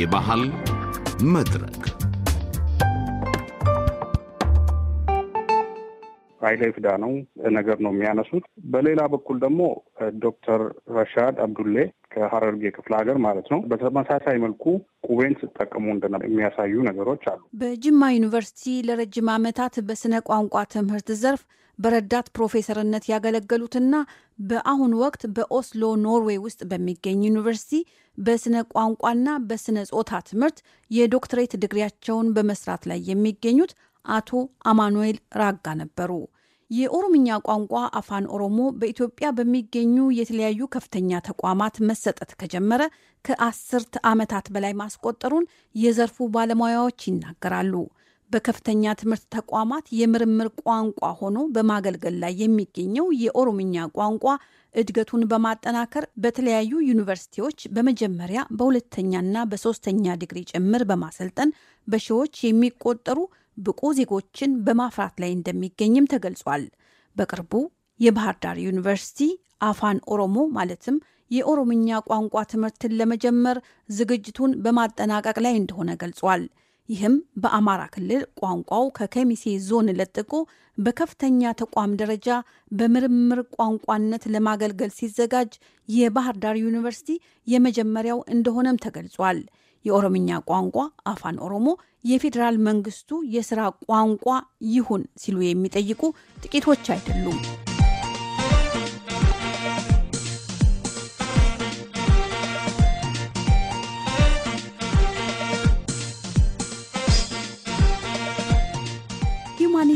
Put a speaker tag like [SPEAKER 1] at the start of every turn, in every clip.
[SPEAKER 1] የባህል መድረክ
[SPEAKER 2] ኃይለ ፍዳ ነው ነገር ነው የሚያነሱት። በሌላ በኩል ደግሞ ዶክተር ረሻድ አብዱሌ ከሀረርጌ ክፍለ ሀገር ማለት ነው። በተመሳሳይ መልኩ ቁቤን ስጠቀሙ እንደነ የሚያሳዩ ነገሮች አሉ።
[SPEAKER 3] በጅማ ዩኒቨርሲቲ ለረጅም ዓመታት በስነ ቋንቋ ትምህርት ዘርፍ በረዳት ፕሮፌሰርነት ያገለገሉትና በአሁን ወቅት በኦስሎ ኖርዌይ ውስጥ በሚገኝ ዩኒቨርሲቲ በስነ ቋንቋና በስነ ጾታ ትምህርት የዶክትሬት ድግሪያቸውን በመስራት ላይ የሚገኙት አቶ አማኑኤል ራጋ ነበሩ። የኦሮምኛ ቋንቋ አፋን ኦሮሞ በኢትዮጵያ በሚገኙ የተለያዩ ከፍተኛ ተቋማት መሰጠት ከጀመረ ከአስርት ዓመታት በላይ ማስቆጠሩን የዘርፉ ባለሙያዎች ይናገራሉ። በከፍተኛ ትምህርት ተቋማት የምርምር ቋንቋ ሆኖ በማገልገል ላይ የሚገኘው የኦሮምኛ ቋንቋ እድገቱን በማጠናከር በተለያዩ ዩኒቨርሲቲዎች በመጀመሪያ በሁለተኛና በሶስተኛ ዲግሪ ጭምር በማሰልጠን በሺዎች የሚቆጠሩ ብቁ ዜጎችን በማፍራት ላይ እንደሚገኝም ተገልጿል። በቅርቡ የባህር ዳር ዩኒቨርሲቲ አፋን ኦሮሞ ማለትም የኦሮምኛ ቋንቋ ትምህርትን ለመጀመር ዝግጅቱን በማጠናቀቅ ላይ እንደሆነ ገልጿል። ይህም በአማራ ክልል ቋንቋው ከከሚሴ ዞን ለጥቆ በከፍተኛ ተቋም ደረጃ በምርምር ቋንቋነት ለማገልገል ሲዘጋጅ የባህር ዳር ዩኒቨርሲቲ የመጀመሪያው እንደሆነም ተገልጿል። የኦሮምኛ ቋንቋ አፋን ኦሮሞ የፌዴራል መንግስቱ የስራ ቋንቋ ይሁን ሲሉ የሚጠይቁ ጥቂቶች አይደሉም።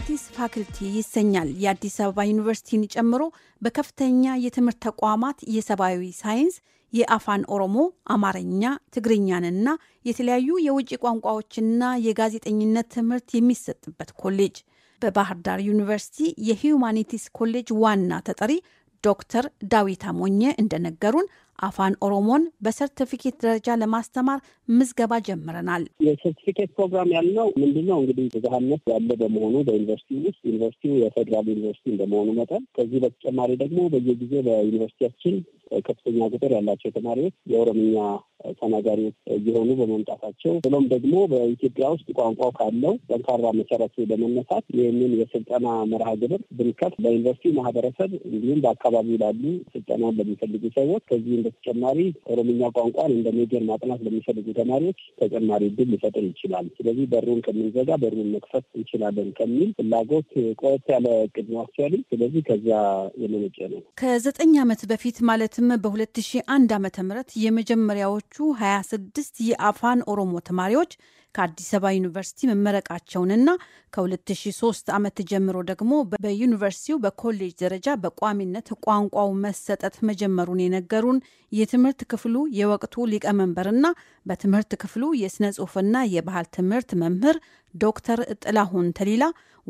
[SPEAKER 3] አዲስ ፋክልቲ ይሰኛል። የአዲስ አበባ ዩኒቨርሲቲን ጨምሮ በከፍተኛ የትምህርት ተቋማት የሰብአዊ ሳይንስ፣ የአፋን ኦሮሞ፣ አማርኛ፣ ትግርኛንና የተለያዩ የውጭ ቋንቋዎችና የጋዜጠኝነት ትምህርት የሚሰጥበት ኮሌጅ በባህር ዳር ዩኒቨርሲቲ የሂዩማኒቲስ ኮሌጅ ዋና ተጠሪ ዶክተር ዳዊት አሞኘ እንደነገሩን አፋን ኦሮሞን በሰርቲፊኬት ደረጃ ለማስተማር ምዝገባ ጀምረናል።
[SPEAKER 4] የሰርቲፊኬት ፕሮግራም ያለው ምንድነው እንግዲህ ብዝሃነት ያለ በመሆኑ በዩኒቨርሲቲ ውስጥ ዩኒቨርሲቲው የፌዴራል ዩኒቨርሲቲ እንደመሆኑ መጠን ከዚህ በተጨማሪ ደግሞ በየጊዜ በዩኒቨርሲቲያችን ከፍተኛ ቁጥር ያላቸው ተማሪዎች የኦሮምኛ ተናጋሪዎች እየሆኑ በመምጣታቸው ብሎም ደግሞ በኢትዮጵያ ውስጥ ቋንቋው ካለው ጠንካራ መሰረት በመነሳት ይህንን የስልጠና መርሃ ግብር ብንከፍት በዩኒቨርሲቲ ማህበረሰብ እንዲሁም በአካባቢው ላሉ ስልጠና ለሚፈልጉ ሰዎች ከዚህም በተጨማሪ ኦሮምኛ ቋንቋን እንደ ሜጀር ማጥናት ለሚፈልጉ ተማሪዎች ተጨማሪ እድል ሊፈጥር ይችላል። ስለዚህ በሩን ከምንዘጋ በሩን መክፈት እንችላለን ከሚል ፍላጎት ቆየት ያለ እቅድ ነው። ስለዚህ ከዛ የመነጨ ነው።
[SPEAKER 3] ከዘጠኝ ዓመት በፊት ማለትም በሁለት ሺህ አንድ ዓመተ ምህረት የመጀመሪያዎች ተማሪዎቹ 26 የአፋን ኦሮሞ ተማሪዎች ከአዲስ አበባ ዩኒቨርሲቲ መመረቃቸውንና ከ2003 ዓመት ጀምሮ ደግሞ በዩኒቨርሲቲው በኮሌጅ ደረጃ በቋሚነት ቋንቋው መሰጠት መጀመሩን የነገሩን የትምህርት ክፍሉ የወቅቱ ሊቀመንበርና በትምህርት ክፍሉ የሥነ ጽሑፍና የባህል ትምህርት መምህር ዶክተር ጥላሁን ተሊላ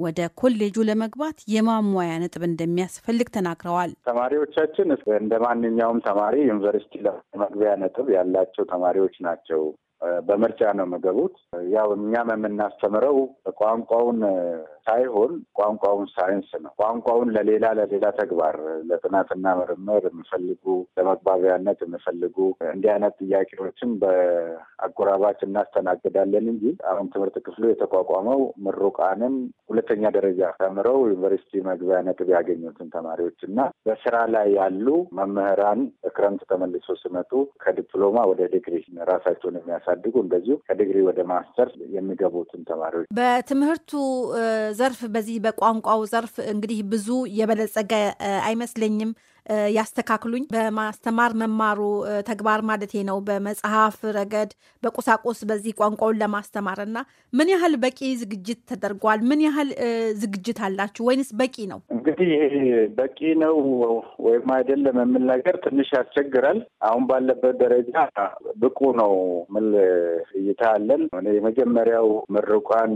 [SPEAKER 3] ወደ ኮሌጁ ለመግባት የማሟያ ነጥብ እንደሚያስፈልግ ተናግረዋል። ተማሪዎቻችን እንደ ማንኛውም ተማሪ
[SPEAKER 1] ዩኒቨርሲቲ ለመግቢያ ነጥብ ያላቸው ተማሪዎች ናቸው። በምርጫ ነው የምገቡት። ያው እኛም የምናስተምረው ቋንቋውን ሳይሆን ቋንቋውን ሳይንስ ነው። ቋንቋውን ለሌላ ለሌላ ተግባር ለጥናትና ምርምር የሚፈልጉ ለመግባቢያነት የሚፈልጉ እንዲህ አይነት ጥያቄዎችን በአጎራባች እናስተናግዳለን እንጂ አሁን ትምህርት ክፍሉ የተቋቋመው ምሩቃንን ሁለተኛ ደረጃ ተምረው ዩኒቨርሲቲ መግቢያ ነጥብ ያገኙትን ተማሪዎች እና በስራ ላይ ያሉ መምህራን በክረምት ተመልሶ ሲመጡ ከዲፕሎማ ወደ ዲግሪ ራሳቸውን የሚያስ ሲያሳድጉ እንደዚሁ ከዲግሪ ወደ ማስተር የሚገቡትን ተማሪዎች
[SPEAKER 3] በትምህርቱ ዘርፍ በዚህ በቋንቋው ዘርፍ እንግዲህ ብዙ የበለጸገ አይመስለኝም። ያስተካክሉኝ። በማስተማር መማሩ ተግባር ማለቴ ነው። በመጽሐፍ ረገድ፣ በቁሳቁስ በዚህ ቋንቋውን ለማስተማር እና ምን ያህል በቂ ዝግጅት ተደርጓል? ምን ያህል ዝግጅት አላችሁ ወይንስ በቂ ነው?
[SPEAKER 1] እንግዲህ በቂ ነው ወይም አይደለም የምል ነገር ትንሽ ያስቸግራል። አሁን ባለበት ደረጃ ብቁ ነው ምል እይታ አለን። የመጀመሪያው ምርቋን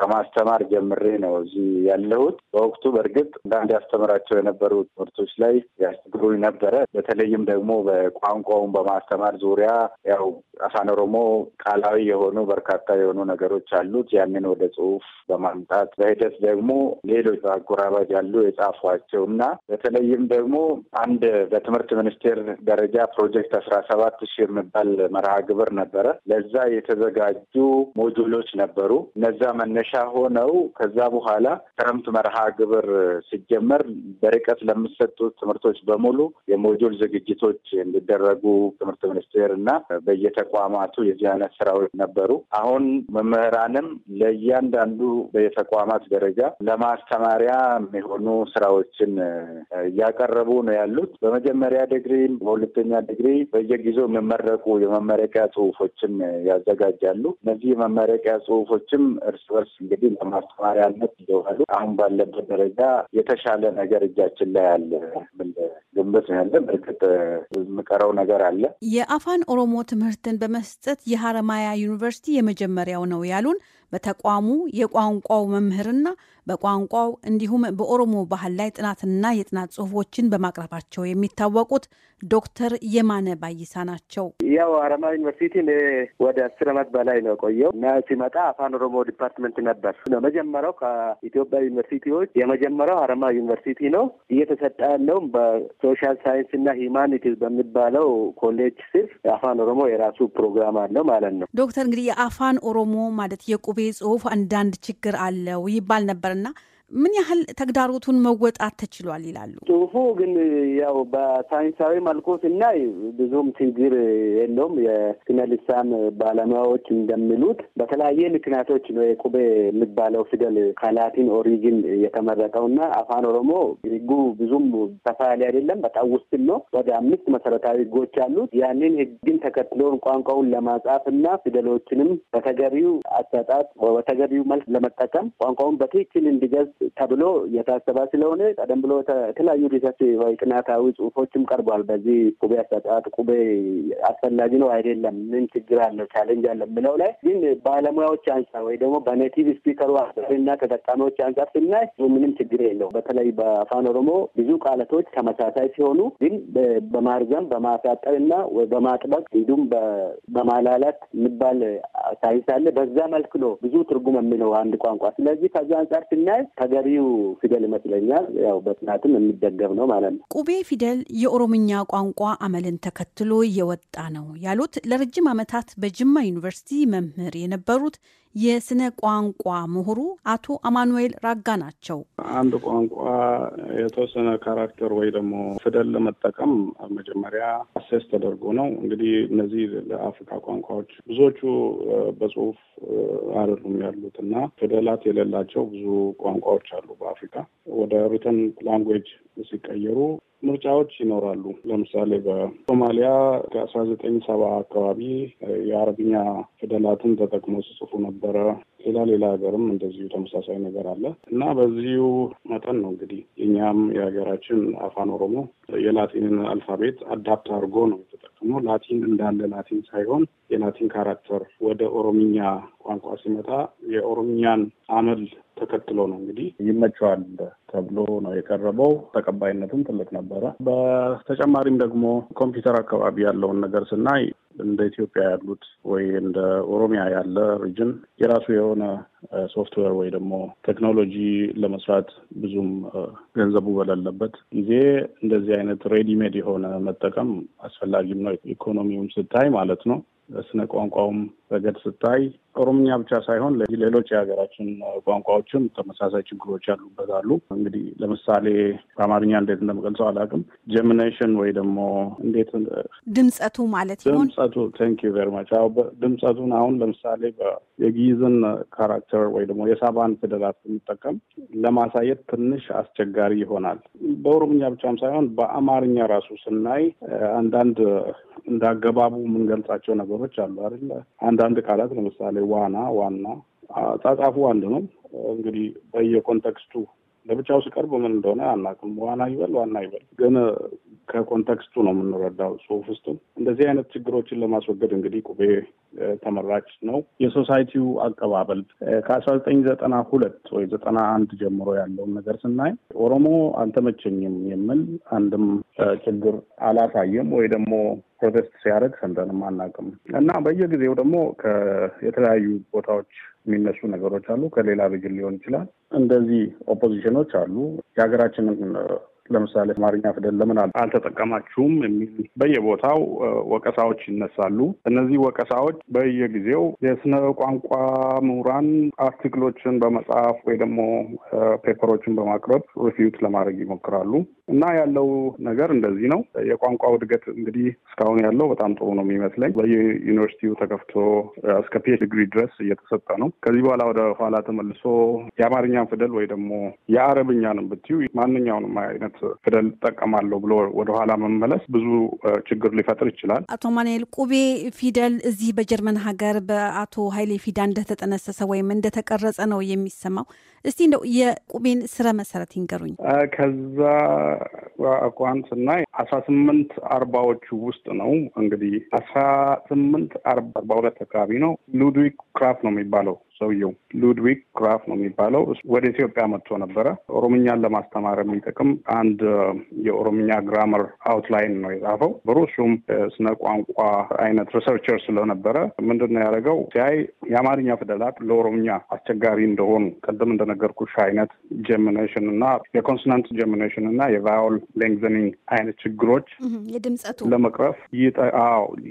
[SPEAKER 1] ከማስተማር ጀምሬ ነው እዚህ ያለሁት። በወቅቱ በእርግጥ አንዳንድ ያስተምራቸው የነበሩ ትምህርቶች ላይ ያስቸግሩኝ ነበረ። በተለይም ደግሞ በቋንቋውን በማስተማር ዙሪያ ያው አፋን ኦሮሞ ቃላዊ የሆኑ በርካታ የሆኑ ነገሮች አሉት። ያንን ወደ ጽሁፍ በማምጣት በሂደት ደግሞ ሌሎች አጎራባጅ ያሉ የጻፏቸው እና በተለይም ደግሞ አንድ በትምህርት ሚኒስቴር ደረጃ ፕሮጀክት አስራ ሰባት ሺህ የሚባል መርሃ ግብር ነበረ። ለዛ የተዘጋጁ ሞጁሎች ነበሩ። እነዛ መነሻ ሆነው ከዛ በኋላ ክረምት መርሃ ግብር ሲጀመር በርቀት ለሚሰጡት ትምህርቶች በሙሉ የሞጁል ዝግጅቶች እንዲደረጉ ትምህርት ሚኒስቴር እና በየተ በየተቋማቱ የዚህ አይነት ስራዎች ነበሩ። አሁን መምህራንም ለእያንዳንዱ በየተቋማት ደረጃ ለማስተማሪያ የሚሆኑ ስራዎችን እያቀረቡ ነው ያሉት። በመጀመሪያ ዲግሪ፣ በሁለተኛ ዲግሪ በየጊዜው የሚመረቁ የመመረቂያ ጽሁፎችን ያዘጋጃሉ። እነዚህ የመመረቂያ ጽሁፎችም እርስ በርስ እንግዲህ ለማስተማሪያነት ይዋሉ። አሁን ባለበት ደረጃ የተሻለ ነገር እጃችን ላይ አለ ግንበት ያለ በእርግጥ የምቀረው ነገር አለ።
[SPEAKER 3] የአፋን ኦሮሞ ትምህርትን በመስጠት የሐረማያ ዩኒቨርሲቲ የመጀመሪያው ነው ያሉን በተቋሙ የቋንቋው መምህርና በቋንቋው እንዲሁም በኦሮሞ ባህል ላይ ጥናትና የጥናት ጽሁፎችን በማቅረባቸው የሚታወቁት ዶክተር የማነ ባይሳ ናቸው።
[SPEAKER 4] ያው አረማ ዩኒቨርሲቲ ወደ አስር ዓመት በላይ ነው ቆየው እና ሲመጣ አፋን ኦሮሞ ዲፓርትመንት ነበር ነው መጀመሪያው። ከኢትዮጵያ ዩኒቨርሲቲዎች የመጀመሪያው አረማ ዩኒቨርሲቲ ነው። እየተሰጠ ያለውም በሶሻል ሳይንስ እና ሂማኒቲስ በሚባለው ኮሌጅ ስር አፋን ኦሮሞ የራሱ ፕሮግራም አለው ማለት ነው።
[SPEAKER 3] ዶክተር እንግዲህ የአፋን ኦሮሞ ማለት የቁ ጽሁፍ አንዳንድ ችግር አለው ይባል ነበርና ምን ያህል ተግዳሮቱን መወጣት ተችሏል ይላሉ።
[SPEAKER 4] ጽሁፉ ግን ያው በሳይንሳዊ መልኩ ስናይ ብዙም ችግር የለውም። የስነ ልሳን ባለሙያዎች እንደሚሉት በተለያየ ምክንያቶች ነው የቁቤ የሚባለው ፊደል ከላቲን ኦሪጂን የተመረጠውና አፋን ኦሮሞ ህጉ ብዙም ሰፋ ያለ አይደለም፣ በጣም ውስን ነው። ወደ አምስት መሰረታዊ ህጎች አሉት። ያንን ህግን ተከትሎን ቋንቋውን ለማጻፍ እና ፊደሎችንም በተገቢው አሰጣጥ በተገቢው መልክ ለመጠቀም ቋንቋውን በትክክል እንዲገዝ ተብሎ የታሰባ ስለሆነ ቀደም ብሎ የተለያዩ ሪሰርች ወይ ጥናታዊ ጽሁፎችም ቀርቧል። በዚህ ቁቤ አሰጣጥ ቁቤ አስፈላጊ ነው አይደለም፣ ምን ችግር አለው፣ ቻሌንጅ አለ ምለው ላይ ግን ባለሙያዎች አንጻር ወይ ደግሞ በኔቲቭ ስፒከሩ እና ተጠቃሚዎች አንጻር ስናይ ምንም ችግር የለው። በተለይ በአፋን ኦሮሞ ብዙ ቃላቶች ተመሳሳይ ሲሆኑ ግን በማርዘም በማሳጠር እና በማጥበቅ እንዲሁም በማላላት የሚባል ሳይንስ አለ። በዛ መልክ ነው ብዙ ትርጉም የሚለው አንድ ቋንቋ። ስለዚህ ከዛ አንጻር ስናይ ተገቢው ፊደል ይመስለኛል። ያው በጥናትም የሚደገም ነው ማለት ነው።
[SPEAKER 3] ቁቤ ፊደል የኦሮምኛ ቋንቋ አመልን ተከትሎ የወጣ ነው ያሉት ለረጅም ዓመታት በጅማ ዩኒቨርሲቲ መምህር የነበሩት የስነ ቋንቋ ምሁሩ አቶ አማኑኤል ራጋ ናቸው።
[SPEAKER 2] አንድ ቋንቋ የተወሰነ ካራክተር ወይ ደግሞ ፊደል ለመጠቀም መጀመሪያ አሴስ ተደርጎ ነው። እንግዲህ እነዚህ ለአፍሪካ ቋንቋዎች ብዙዎቹ በጽሁፍ አይደሉም ያሉት እና ፊደላት የሌላቸው ብዙ ቋንቋዎች አሉ በአፍሪካ ወደ ሪተን ላንጉዌጅ ሲቀየሩ ምርጫዎች ይኖራሉ። ለምሳሌ በሶማሊያ ከአስራ ዘጠኝ ሰባ አካባቢ የአረብኛ ፊደላትን ተጠቅሞ ሲጽፉ ነበረ። ሌላ ሌላ ሀገርም እንደዚሁ ተመሳሳይ ነገር አለ እና በዚሁ መጠን ነው እንግዲህ የኛም የሀገራችን አፋን ኦሮሞ የላቲንን አልፋቤት አዳፕት አድርጎ ነው ሆኖ ላቲን እንዳለ ላቲን ሳይሆን የላቲን ካራክተር ወደ ኦሮምኛ ቋንቋ ሲመጣ የኦሮምኛን አመል ተከትሎ ነው እንግዲህ ይመቸዋል ተብሎ ነው የቀረበው። ተቀባይነቱም ትልቅ ነበረ። በተጨማሪም ደግሞ ኮምፒውተር አካባቢ ያለውን ነገር ስናይ እንደ ኢትዮጵያ ያሉት ወይ እንደ ኦሮሚያ ያለ ሪጅን የራሱ የሆነ ሶፍትዌር ወይ ደግሞ ቴክኖሎጂ ለመስራት ብዙም ገንዘቡ በሌለበት ጊዜ እንደዚህ አይነት ሬዲሜድ የሆነ መጠቀም አስፈላጊም ነው። ኢኮኖሚውም ስታይ ማለት ነው። ስነ ቋንቋውም ረገድ ስታይ ኦሮምኛ ብቻ ሳይሆን ሌሎች የሀገራችን ቋንቋዎችም ተመሳሳይ ችግሮች ያሉበት አሉ። እንግዲህ ለምሳሌ በአማርኛ እንዴት እንደምገልጸው አላውቅም። ጀሚኔሽን ወይ ደግሞ እንዴት
[SPEAKER 3] ድምጸቱ ማለት ይሆን
[SPEAKER 2] ድምፀቱ ቴንክ ዩ ቨሪ ማች ድምጸቱን አሁን ለምሳሌ የጊዝን ካራክተር ስትራክቸር ወይ ደግሞ የሳባን ፊደላት ስንጠቀም ለማሳየት ትንሽ አስቸጋሪ ይሆናል። በኦሮምኛ ብቻም ሳይሆን በአማርኛ ራሱ ስናይ አንዳንድ እንዳገባቡ የምንገልጻቸው ነገሮች አሉ አይደለ? አንዳንድ ቃላት ለምሳሌ ዋና ዋና ጻጻፉ አንድ ነው። እንግዲህ በየኮንቴክስቱ ለብቻው ሲቀርብ ምን እንደሆነ አናውቅም። ዋና ይበል ዋና ይበል ግን ከኮንቴክስቱ ነው የምንረዳው። ጽሁፍ ውስጥም እንደዚህ አይነት ችግሮችን ለማስወገድ እንግዲህ ቁቤ ተመራጭ ነው። የሶሳይቲው አቀባበል ከአስራ ዘጠኝ ዘጠና ሁለት ወይ ዘጠና አንድ ጀምሮ ያለውን ነገር ስናይ ኦሮሞ አልተመቸኝም የሚል አንድም ችግር አላሳየም ወይ ደግሞ ፕሮቴስት ሲያደርግ ሰምተንም አናውቅም። እና በየጊዜው ደግሞ የተለያዩ ቦታዎች የሚነሱ ነገሮች አሉ። ከሌላ ብጅን ሊሆን ይችላል። እንደዚህ ኦፖዚሽኖች አሉ። የሀገራችንን ለምሳሌ አማርኛ ፊደል ለምን አልተጠቀማችሁም የሚል በየቦታው ወቀሳዎች ይነሳሉ። እነዚህ ወቀሳዎች በየጊዜው የስነ ቋንቋ ምሁራን አርቲክሎችን በመጻፍ ወይ ደግሞ ፔፐሮችን በማቅረብ ሪፊዩት ለማድረግ ይሞክራሉ እና ያለው ነገር እንደዚህ ነው። የቋንቋው እድገት እንግዲህ እስካሁን ያለው በጣም ጥሩ ነው የሚመስለኝ። በየዩኒቨርሲቲው ተከፍቶ እስከ ፒኤች ዲግሪ ድረስ እየተሰጠ ነው። ከዚህ በኋላ ወደ ኋላ ተመልሶ የአማርኛን ፊደል ወይ ደግሞ የአረብኛንም ብትዩ ማንኛውንም አይነት አይነት ፊደል እጠቀማለሁ ብሎ ወደኋላ መመለስ ብዙ ችግር ሊፈጥር ይችላል።
[SPEAKER 3] አቶ ማንኤል ቁቤ ፊደል እዚህ በጀርመን ሀገር በአቶ ኃይሌ ፊዳ እንደተጠነሰሰ ወይም እንደተቀረጸ ነው የሚሰማው። እስቲ እንደው የቁቤን ስረ መሰረት ይንገሩኝ።
[SPEAKER 2] ከዛ አኳን ስናይ አስራ ስምንት አርባዎቹ ውስጥ ነው እንግዲህ አስራ ስምንት አርባ ሁለት አካባቢ ነው ሉድዊግ ክራፍ ነው የሚባለው ሰውየው ሉድዊግ ግራፍ ነው የሚባለው። ወደ ኢትዮጵያ መጥቶ ነበረ። ኦሮምኛን ለማስተማር የሚጠቅም አንድ የኦሮምኛ ግራመር አውትላይን ነው የጻፈው። በሩሱም ስነ ቋንቋ አይነት ሪሰርቸር ስለነበረ ምንድን ነው ያደረገው ሲያይ የአማርኛ ፊደላት ለኦሮምኛ አስቸጋሪ እንደሆኑ ቅድም እንደነገርኩሽ አይነት ጀሚኔሽን እና የኮንስናንት ጀሚኔሽን እና የቫዮል ሌንግዘኒንግ አይነት ችግሮች የድምጸቱ ለመቅረፍ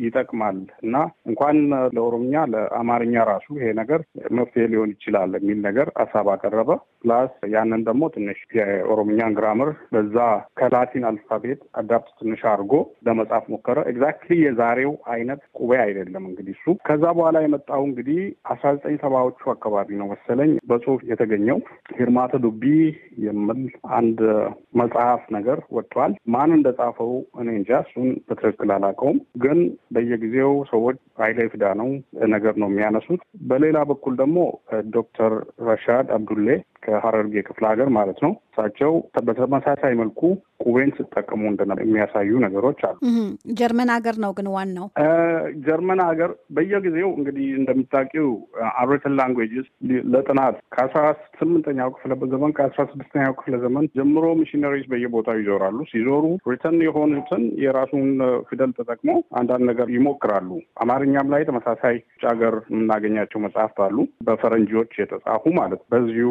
[SPEAKER 2] ይጠቅማል እና እንኳን ለኦሮምኛ ለአማርኛ ራሱ ይሄ ነገር መፍትሄ ሊሆን ይችላል የሚል ነገር ሀሳብ አቀረበ። ፕላስ ያንን ደግሞ ትንሽ የኦሮምኛን ግራምር በዛ ከላቲን አልፋቤት አዳፕት ትንሽ አድርጎ ለመጻፍ ሞከረ። ኤግዛክትሊ የዛሬው አይነት ቁቤ አይደለም እንግዲህ እሱ። ከዛ በኋላ የመጣው እንግዲህ አስራ ዘጠኝ ሰባዎቹ አካባቢ ነው መሰለኝ በጽሁፍ የተገኘው ሂርማተ ዱቢ የሚል አንድ መጽሐፍ ነገር ወጥቷል። ማን እንደጻፈው እኔ እንጃ፣ እሱን በትክክል አላውቀውም። ግን በየጊዜው ሰዎች ኃይለ ፍዳ ነው ነገር ነው የሚያነሱት። በሌላ በኩል ደግሞ ዶክተር ረሻድ አብዱሌ ከሀረርጌ ክፍለ ሀገር ማለት ነው። እሳቸው በተመሳሳይ መልኩ ቁቤን ስጠቀሙ እንደነ የሚያሳዩ ነገሮች አሉ።
[SPEAKER 3] ጀርመን ሀገር ነው ግን ዋናው
[SPEAKER 2] ጀርመን ሀገር በየጊዜው እንግዲህ እንደምታውቂው አብሬትን ላንጉጅስ ለጥናት ከአስራ ስምንተኛው ክፍለ ዘመን ከአስራ ስድስተኛው ክፍለ ዘመን ጀምሮ ሚሽነሪዎች በየቦታው ይዞራሉ። ሲዞሩ ሪተን የሆኑትን የራሱን ፊደል ተጠቅሞ አንዳንድ ነገር ይሞክራሉ። አማርኛም ላይ ተመሳሳይ ውጭ ሀገር የምናገኛቸው መጽሐፍት አሉ፣ በፈረንጂዎች የተጻፉ ማለት በዚሁ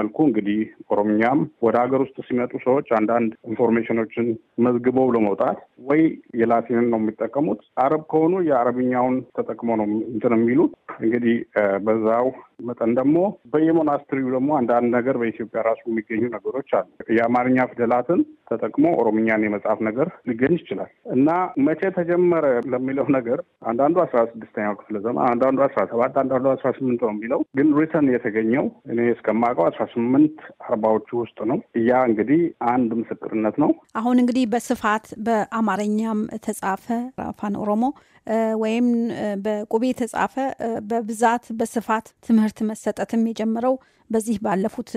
[SPEAKER 2] መልኩ እንግዲህ ኦሮምኛም ወደ ሀገር ውስጥ ሲመጡ ሰዎች አንዳንድ ኢንፎርሜሽኖችን መዝግበው ለመውጣት ወይ የላቲንን ነው የሚጠቀሙት፣ አረብ ከሆኑ የአረብኛውን ተጠቅሞ ነው እንትን የሚሉት። እንግዲህ በዛው መጠን ደግሞ በየሞናስትሪው ደግሞ አንዳንድ ነገር በኢትዮጵያ ራሱ የሚገኙ ነገሮች አሉ። የአማርኛ ፊደላትን ተጠቅሞ ኦሮምኛን የመጽሐፍ ነገር ሊገኝ ይችላል እና መቼ ተጀመረ ለሚለው ነገር አንዳንዱ አስራ ስድስተኛው ክፍለ ዘመን፣ አንዳንዱ አስራ ሰባት አንዳንዱ አስራ ስምንት ነው የሚለው ግን ሪተን የተገኘው እኔ እስከማውቀው አስራ ስምንት አርባዎቹ ውስጥ ነው። ያ እንግዲህ አንድ ምስክርነት ነው።
[SPEAKER 3] አሁን እንግዲህ በስፋት በአማርኛም ተጻፈ አፋን ኦሮሞ ወይም በቁቤ ተጻፈ በብዛት በስፋት ትምህርት ትምህርት መሰጠትም የጀመረው በዚህ ባለፉት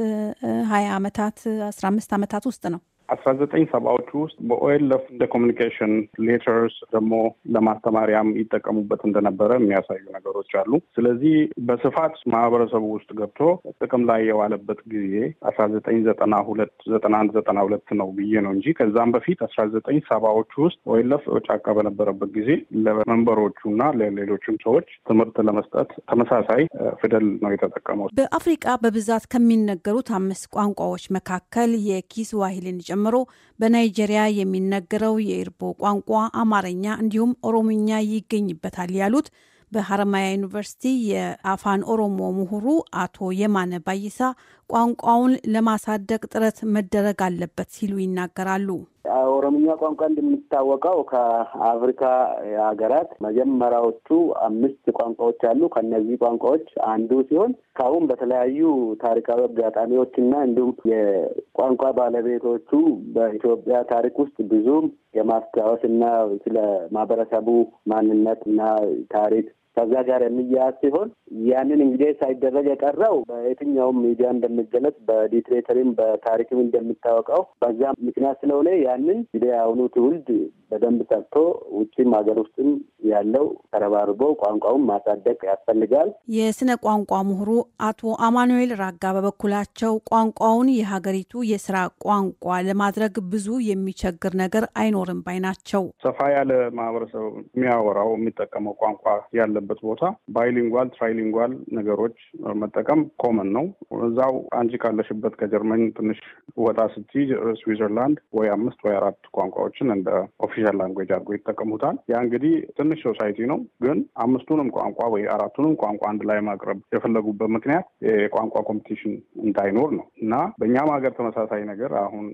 [SPEAKER 3] ሀያ ዓመታት አስራ አምስት ዓመታት ውስጥ ነው።
[SPEAKER 2] አስራ ዘጠኝ ሰባዎቹ ውስጥ በኦይል ለፍ እንደ ኮሚኒኬሽን ሌተርስ ደግሞ ለማስተማሪያም ይጠቀሙበት እንደነበረ የሚያሳዩ ነገሮች አሉ። ስለዚህ በስፋት ማህበረሰቡ ውስጥ ገብቶ ጥቅም ላይ የዋለበት ጊዜ አስራ ዘጠኝ ዘጠና ሁለት ዘጠና አንድ ዘጠና ሁለት ነው ብዬ ነው እንጂ ከዛም በፊት አስራ ዘጠኝ ሰባዎቹ ውስጥ ኦኤል ለፍ ጫካ በነበረበት ጊዜ ለመንበሮቹ እና ለሌሎችም ሰዎች ትምህርት ለመስጠት ተመሳሳይ ፊደል ነው የተጠቀመው።
[SPEAKER 3] በአፍሪቃ በብዛት ከሚነገሩት አምስት ቋንቋዎች መካከል የኪስዋሂልን ጨምሮ ጀምሮ በናይጄሪያ የሚነገረው የኢርቦ ቋንቋ፣ አማርኛ እንዲሁም ኦሮምኛ ይገኝበታል ያሉት በሐረማያ ዩኒቨርሲቲ የአፋን ኦሮሞ ምሁሩ አቶ የማነ ባይሳ ቋንቋውን ለማሳደግ ጥረት መደረግ አለበት ሲሉ ይናገራሉ።
[SPEAKER 4] ኦሮምኛ ቋንቋ እንደምንታወቀው ከአፍሪካ ሀገራት መጀመሪያዎቹ አምስት ቋንቋዎች አሉ። ከነዚህ ቋንቋዎች አንዱ ሲሆን እስካሁን በተለያዩ ታሪካዊ አጋጣሚዎች እና እንዲሁም የቋንቋ ባለቤቶቹ በኢትዮጵያ ታሪክ ውስጥ ብዙም የማስታወስ እና ስለ ማህበረሰቡ ማንነት እና ታሪክ ከዛ ጋር የሚያያዝ ሲሆን ያንን እንግዲህ ሳይደረግ የቀረው በየትኛውም ሚዲያ እንደሚገለጽ በዲትሬተሪም በታሪክም እንደሚታወቀው በዛ ምክንያት ስለሆነ ያንን እንግዲህ አሁኑ ትውልድ በደንብ ሰርቶ ውጭም ሀገር ውስጥም ያለው ተረባርቦ ቋንቋውን ማሳደግ ያስፈልጋል።
[SPEAKER 3] የስነ ቋንቋ ምሁሩ አቶ አማኑኤል ራጋ በበኩላቸው ቋንቋውን የሀገሪቱ የስራ ቋንቋ ለማድረግ ብዙ የሚቸግር ነገር አይኖርም ባይ ናቸው።
[SPEAKER 2] ሰፋ ያለ ማህበረሰብ የሚያወራው የሚጠቀመው ቋንቋ ያለ ባለበት ቦታ ባይሊንጓል ትራይሊንጓል ነገሮች መጠቀም ኮመን ነው። እዛው አንቺ ካለሽበት ከጀርመን ትንሽ ወጣ ስትይ ስዊዘርላንድ ወይ አምስት ወይ አራት ቋንቋዎችን እንደ ኦፊሻል ላንጉጅ አድርጎ ይጠቀሙታል። ያ እንግዲህ ትንሽ ሶሳይቲ ነው፣ ግን አምስቱንም ቋንቋ ወይ አራቱንም ቋንቋ አንድ ላይ ማቅረብ የፈለጉበት ምክንያት የቋንቋ ኮምፒቲሽን እንዳይኖር ነው እና በእኛም ሀገር ተመሳሳይ ነገር አሁን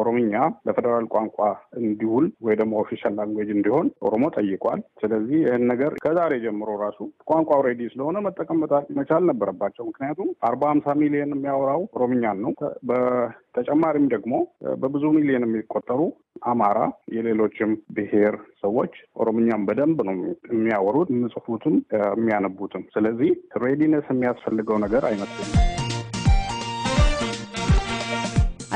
[SPEAKER 2] ኦሮምኛ ለፌዴራል ቋንቋ እንዲውል ወይ ደግሞ ኦፊሻል ላንጉጅ እንዲሆን ኦሮሞ ጠይቋል። ስለዚህ ይህን ነገር ከዛሬ ጀምሮ ራሱ ቋንቋው ሬዲ ስለሆነ መጠቀም መቻል ነበረባቸው። ምክንያቱም አርባ ሀምሳ ሚሊዮን የሚያወራው ኦሮምኛን ነው። በተጨማሪም ደግሞ በብዙ ሚሊዮን የሚቆጠሩ አማራ፣ የሌሎችም ብሔር ሰዎች ኦሮምኛን በደንብ ነው የሚያወሩት፣ የሚጽፉትም የሚያነቡትም። ስለዚህ ሬዲነስ የሚያስፈልገው ነገር አይመስልም።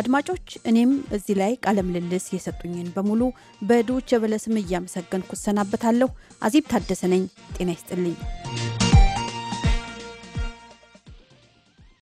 [SPEAKER 3] አድማጮች እኔም እዚህ ላይ ቃለምልልስ የሰጡኝን በሙሉ በዶች የበለስም እያመሰገንኩ ሰናበታለሁ አዚብ ታደሰ ነኝ። ጤና ይስጥልኝ።